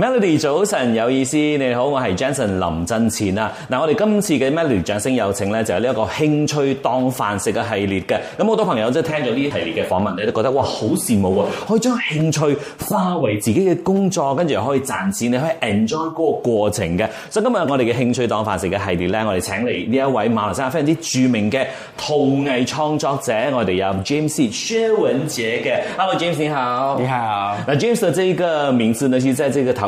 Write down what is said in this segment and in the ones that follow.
Melody 早晨有意思，你好，我係 Jason 林振前啊！嗱，我哋今次嘅 Melody 掌聲有請咧，就係呢一個興趣當飯食嘅系列嘅。咁、啊、好多朋友即係聽咗呢一系列嘅訪問咧，都覺得哇好羨慕啊！可以將興趣化為自己嘅工作，跟住又可以賺錢，你可以 enjoy 嗰個過程嘅。所以今日我哋嘅興趣當飯食嘅系列咧，我哋請嚟呢一位馬來西亞非常之著名嘅陶藝創作者，我哋有 James 薛文杰嘅。Hello，James 你好，你好。嗱、啊、James 嘅這一個名字呢，其實喺呢個陶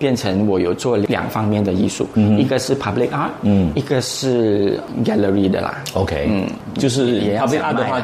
變成我有做兩方面的藝術、嗯、一個是 public art，嗯、一個是 gallery 的啦。OK，嗯，就是也要的。也要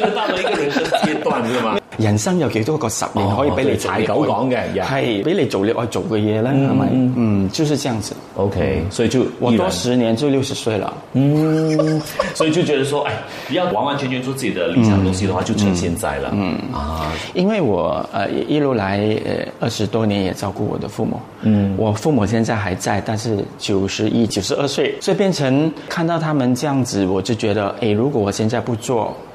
個人生階段，係嗎？人生有幾多個十年可以被你踩狗講嘅？係，你做你愛做嘅嘢。嗯，就是這樣子。OK，所以就我多十年就六十歲了。嗯，所以就覺得說，哎，要完完全全做自己的理想東西的話，就趁現在了。嗯，啊，因為我一路來二十多年也照顧我的父母。嗯，我父母現在還在，但是九十一、九十二歲，所以變成看到他們這樣子，我就覺得，哎，如果我現在不做。